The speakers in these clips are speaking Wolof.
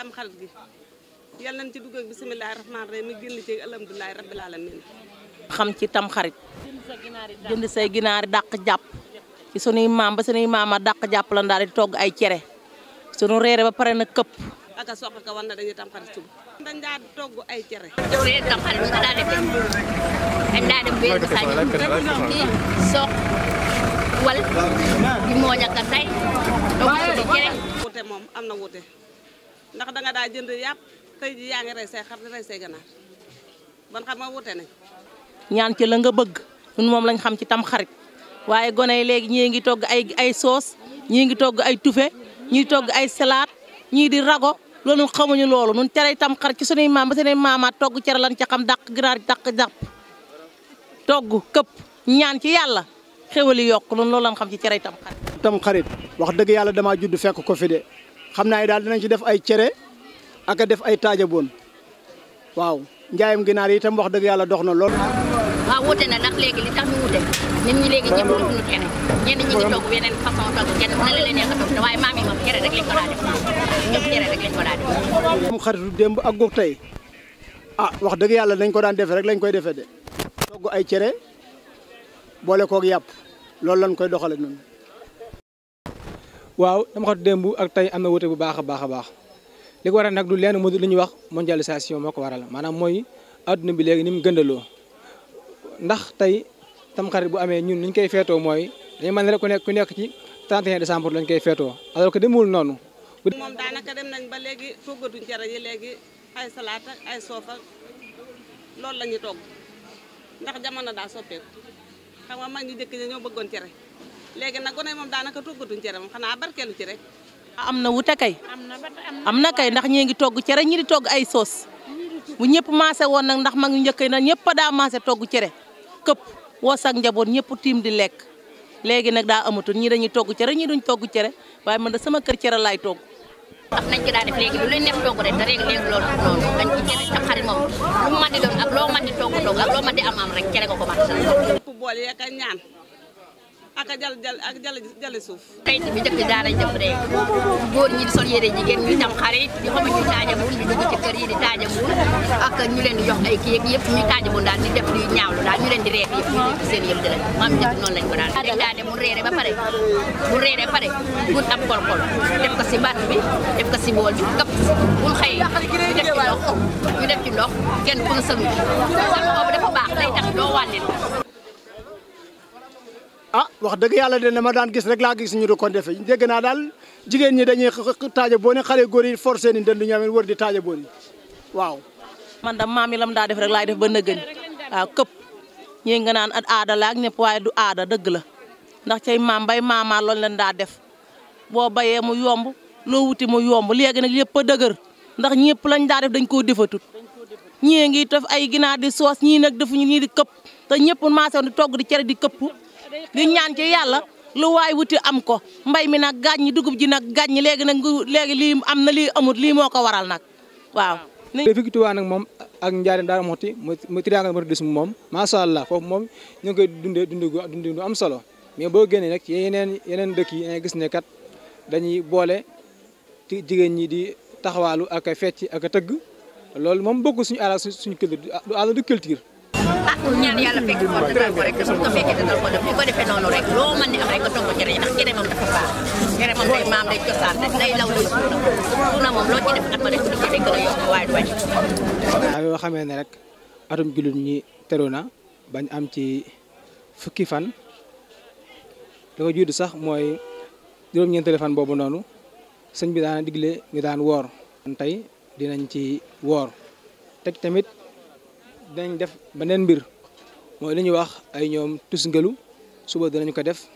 tam xarit gi yal nañ ci xam ci tam jënd say ginaar dàq jàpp. ci sunuy maam ba sunuy maama dàq jàpp lan daal di togg ay cere. sunu reere ba pare na këpp. ak a soq ka war na dañuy tam xarit suba. dañ daa togg ay cere. reer daa def dañ daa sañ kii soq wal di mooñ ak a say. te moom am na wuute. ndax danga daa jënd yàpp tey ji yaa ngi rey say rey say ganaar ban xam nga wute nañ ñaan ci la nga bëgg ñun moom lañ xam ci tam xarit waaye gone yi léegi ñii ngi togg ay ay soos ñii ngi togg ay tufe ñii togg ay salaat ñii di rago loolu xamuñu loolu nun cere tam xarit ci sunuy maam ba sunuy maamaat togg cere lañ ca xam dàq ginaar dàq dàpp togg këpp ñaan ci yàlla xéwali yokk loolu lañ xam ci cere itam xarit tam xarit wax dëgg yàlla damaa judd fekk ko xam naa ne daal dinañ ci def ay cere ak def ay taaja boon waaw njaayam ginaar yi itam wax dëgg yàlla dox na lool. waaw wute na maam yi moom cere cere rek lañ ak gox tey ah wax dëgg yàlla nañ ko daan defee rek lañ koy defe de togg ay cere boole kook yàpp loolu lañ koy doxale noonu. waaw dama xam démb ak tey am na wute bu baax a baax a baax li ko waral nag du lenn mu lu ñu wax mondialisation moo ko waral maanaam mooy adduna bi léegi ni mu gëndaloo ndax tey tamxarit bu amee ñun niñ koy feetoo mooy dañu mën rek ku nekk ku nekk ci 31 décembre lañ koy feetoo alors que demul noonu. moom daanaka dem nañ ba léegi toggatuñ cere yi léegi ay salaat ak ay soof ak loolu togg ndax jamono daa soppeeku xam nga mag ñi njëkk ña cere. léegi nag gone moom daanaka toggatuñ cere moom xanaa barkeelu ci rek. am na wuta kay. am na kay ndax ñii ngi togg cere ñi di togg ay soos. ñëpp maase woon nag ndax mag njëkk na ñëpp daa maase togg cere këpp woo sax njaboot ñëpp tiim di lekk léegi nag daa amatul ñii dañuy togg cere ñii duñ togg cere waaye mën da sama kër cere laay togg. am dañ ci cere tam xarit moom lu mu mën loo mën togg togg ak loo mën am am rek cere nga ko mën. ak a jal jal ak jal jale suuf xëy bi njëkk daara jëf rek góor ñi di sol yére jigéen ñi tam xarit ñu xama ñu taajamul ñu dugg ci kër yi di taajamul ak ñu leen di jox ay kii ak yëpp ñu leen di reet yëpp seen yëpp di la maam njëkk noonu lañ ko daal rek mu reere ba pare mu reere pare gut am kolkol def ko si baat bi def ko si bool bi kap buñ xëy ñu def ci ndox ñu def ci ndox kenn ku ne sëlu dafa baax day tax doo wànneen ah wax dëgg yàlla de ma daan gis rek laa gis ñu di ko defee dégg naa daal jigéen ñi dañuy taaja booni xale góor yi forcé ni dënd ñoom wër di taaja booni waaw. man da maam yi lam daa def rek laay def ba nëgën waaw këpp ñi nga naan aada la ak waaye du aada dëgg la ndax cay maam bay maamaa loolu leen daa def boo bayee mu yomb loo wuti yomb léegi nag yëpp a ndax ñëpp lañ daa def dañ koo defatut ñii ngi def ay ginaar di soos ñii nag defuñu ñii di këpp te ñëpp maasee di togg di cere di këpp. di ñaan ci yàlla lu waaye wuti am ko mbay mi nag gàññi dugub ji nag gàññi léegi nag léegi lii am na lii amut lii moo ko waral nag waaw. fii Tuubaa nag moom ak Njaaréem daal moo ti mu triangle mar dis moom macha allah foofu moom ñu ngi koy dundee dundee gu am solo mais boo génnee nag yeneen yeneen dëkk yi nga gis ne kat dañuy boole ci jigéen ñi di taxawaalu ak fecc ak tëgg loolu moom bokk suñu aada suñu culture du aada du culture. ah ñaan yàlla fekk ko defal ko ndax yoo xamee ne rek atum jullit ñi teru na bañ am ci fukki fan da ko jiitu sax mooy juróom-ñeenteelu fan boobu noonu sëñ bi daana digle ñu daan woor tey dinañ ci woor teg tamit dinañ def beneen mbir mooy li ñuy wax ay ñoom tusngalu suba dinañ ko def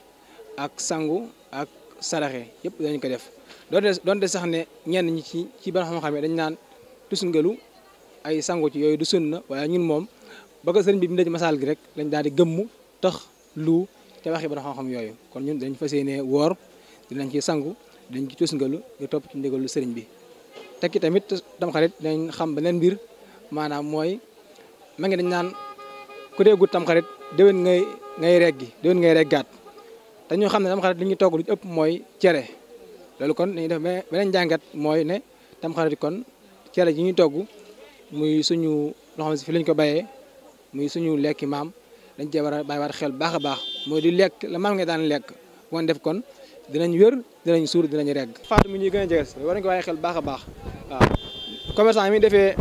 ak sangu ak saraxe yëpp dinañ ko def doonte doonte sax ne ñenn ñi ci ci ban xam-xam dañ naan tusngalu ay sangu ci yooyu du sën na waaye ñun moom ba ko sëriñ bi mu ci masaal gi rek lañ daal di gëmm tax lu te waxi ban xam-xam yooyu kon ñun dañ fas yéenee woor dinañ ci sangu dañ ci tusngalu ngir topp ci ndigalu sëriñ bi tekki tamit tam xarit dinañ xam beneen mbir maanaam mooy ma ngi dañ naan ku dee gudd tamxarit déwén ngay ngay reggi déwén ngay reggaat te ñu xam ne tamxarit li ñuy togg lu ëpp mooy cere loolu kon dañuy def beneen jàngat mooy ne tam tamxarit kon cere yi ñuy togg muy suñu loo xam si fi lañ ko bayee muy suñu lekki maam dañ cee war a bàyyiwaat xel baax a baax mooy di lekk la maam nga daan lekk woon def kon dinañ wér dinañ suur dinañ regg faatu mi ñuy gën a jege war nañ ko a baax waaw commerçant mi defee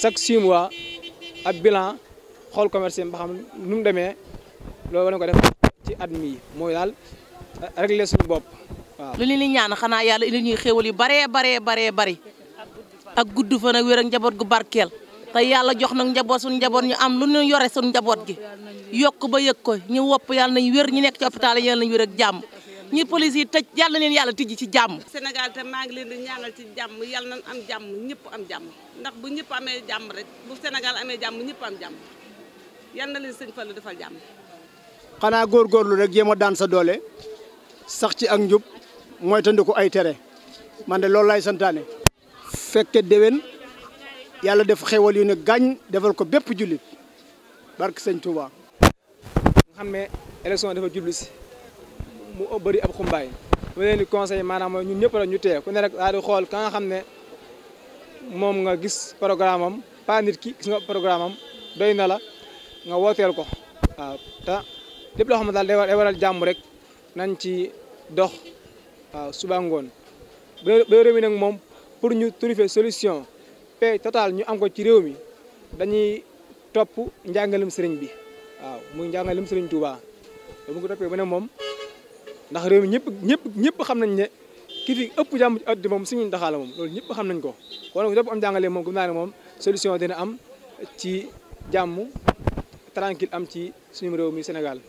chaque six ak bilan xool commerce mbaxam ba nu demee loolu war ko def ci at mii mooy daal euh, régler suñu bopp lu leen di ñaan xanaa yàlla indi ñuy xéwal yi baree baree bare bari ak gudd fan ak wér ak njaboot gu barkeel te yàlla jox nag njaboot suñu njaboot ñu am lu ñu yore suñu njaboot gi yokk ba yëg ko ñu wopp yàlla nañ wér ñu nekk ci hôpital yàlla nañ wér ak jàmm. ñi police yi tëj yàlla leen yàlla tijji ci jàmm. Sénégal te maa ngi leen di ñaanal ci jàmm yàlla nañ am jàmm ñëpp am jàmm ndax bu ñëpp amee jàmm rek bu Sénégal amee jàmm ñëpp am jàmm yal na leen sëñ Fallou defal jàmm. xanaa góorgóorlu rek jéem a daan sa doole sax ci ak njub mooy ko ay tere man de loolu lay santaane. fekke déwén yàlla def xewal yu ne gaañ defal ko bépp jullit barke sëñ Touba. nga xam ne élection dafa jublu si. mu bëri ab xumbaay mu leen di conseil maanaam ñun ñëpp ñu tee ku ne rek daal di xool ka nga xam ne moom nga gis programme am pas nit ki gis nga programme doy na la nga wooteel ko waaw lépp loo xam ne daal day waral jàmm rek nañ ci dox waaw suba ngoon ba réew mi nag moom pour ñu trouver solution paix totale ñu am ko ci réew mi dañuy topp njàngalem sëriñ bi waaw muy njàngalem sëriñ Touba bu ko toppee ba ne moom ndax réew mi ñëpp ñëpp ñëpp xam nañ ne ki fi ëpp jàmm ci addi moom suñu ndaxaala moom loolu ñëpp xam nañ ko kon nag lépp am jàngalee moom gëm moom solution dina am ci jàmm tranquille am ci suñu réew mi Sénégal